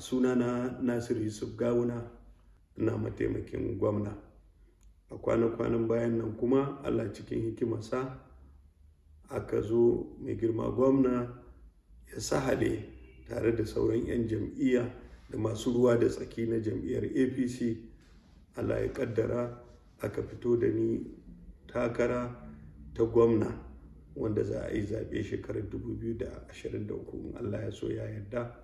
sunana nasir yusuf gawuna ina mataimakin gwamna a kwana-kwanan bayan nan kuma allah cikin hikimarsa aka zo mai girma gwamna ya sahale tare da sauran 'yan jam'iyya da masu ruwa da tsaki na jam'iyyar apc allah ya kaddara aka fito da ni takara ta gwamna wanda za a yi zaɓe shekarar 2023 allah ya so ya yarda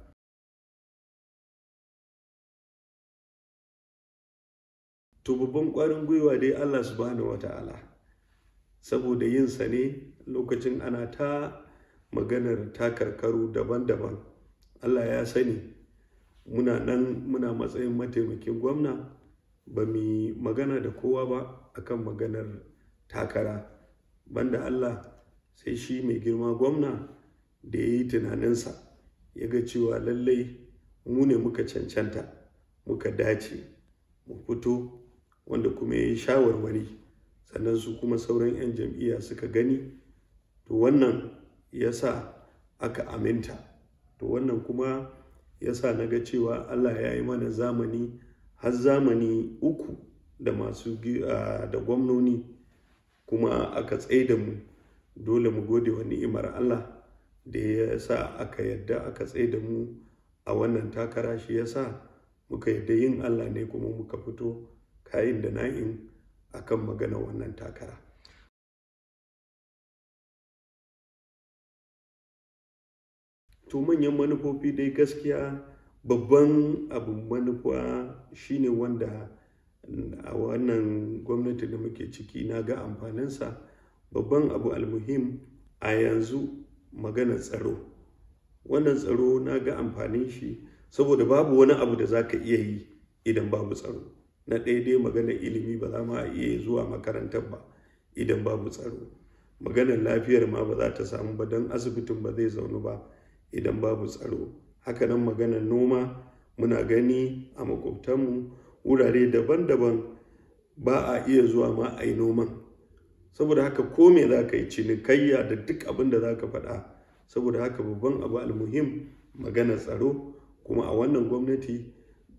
to babban ƙwarin gwiwa dai Allah subhanahu ta'ala saboda yin sa ne lokacin ana ta maganar takarkaru daban-daban Allah ya sani muna nan muna matsayin mataimakin gwamna ba mu magana da kowa ba akan maganar takara banda Allah sai shi mai girma gwamna da ya yi tunaninsa ya ga cewa lallai mu ne muka cancanta muka dace mu fito wanda kuma ya yi shawarwari sannan su kuma sauran 'yan jam'iyya suka gani to wannan ya sa aka aminta to wannan kuma ya sa na ga cewa allah ya yi mana zamani har zamani uku da masu da gwamnoni kuma aka da mu dole mu gode wa ni'imar allah da ya sa aka yadda aka da mu a wannan takara shi ya sa muka yadda yin allah ne kuma muka fito kayin da na a kan magana wannan takara to manyan manufofi dai gaskiya babban abin manufa shine wanda a wannan gwamnati da muke ciki na ga amfaninsa babban abu almuhim a yanzu magana tsaro wannan tsaro na ga amfanin shi saboda babu wani abu da za ka iya yi idan babu tsaro na daidai magana maganar ilimi ba za ma iya zuwa makarantar ba idan babu tsaro maganar lafiyar ma ba za ta samu ba don asibitin ba zai zaunu ba idan babu tsaro haka nan maganar noma muna gani a makwabtanmu wurare daban-daban ba a iya zuwa ma a yi noman saboda haka ko me za ka yi cinikayya da duk abin da za ka faɗa saboda haka babban abu almuhim maganar tsaro kuma a wannan gwamnati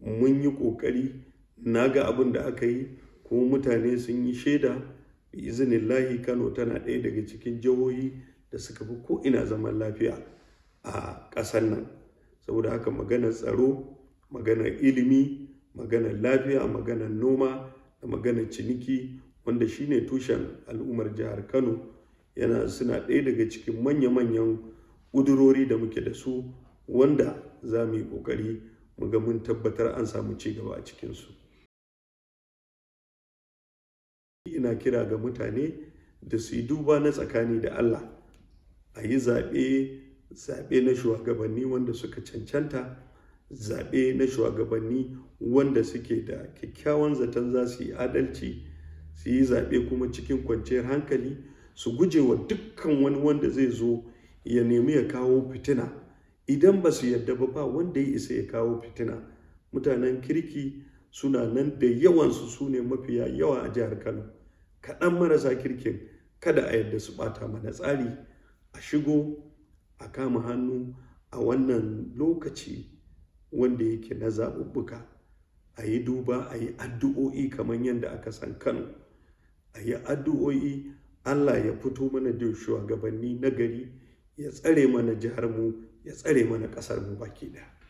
mun yi ƙoƙari na ga abin da aka yi kuma mutane sun yi shaida izinin lahi kano tana ɗaya daga cikin jihohi da suka fi ko ina zaman lafiya a ƙasar nan saboda haka maganar tsaro maganar ilimi maganar lafiya maganar noma da maganar ciniki wanda shine tushen al'ummar jihar kano yana suna ɗaya daga cikin manya-manyan ƙudurori da muke da su wanda za mu yi ƙoƙari mu ga mun tabbatar an samu ci gaba a cikinsu. ina kira ga mutane da su yi duba na tsakani da Allah a yi zaɓe zaɓe na shugabanni wanda suka cancanta zaɓe na shugabanni wanda suke da kyakkyawan zaton za su yi adalci su yi zaɓe kuma cikin kwanciyar hankali su gujewa dukkan wani wanda zai zo ya nemi ya kawo fitina idan ba su yadda ba ba wanda ya isa ya kawo fitina mutanen kirki suna nan da yawansu su ne mafiya yawa a jihar kano kaɗan marasa kirkin kada a yadda su ɓata mana tsari a shigo a kama hannu a wannan lokaci wanda yake na zaɓuɓɓuka a yi duba a yi addu'o'i kamar yadda aka san kano a yi addu'o'i allah ya fito mana da shugabanni na gari ya tsare mana jiharmu ya tsare mana mu baki ɗaya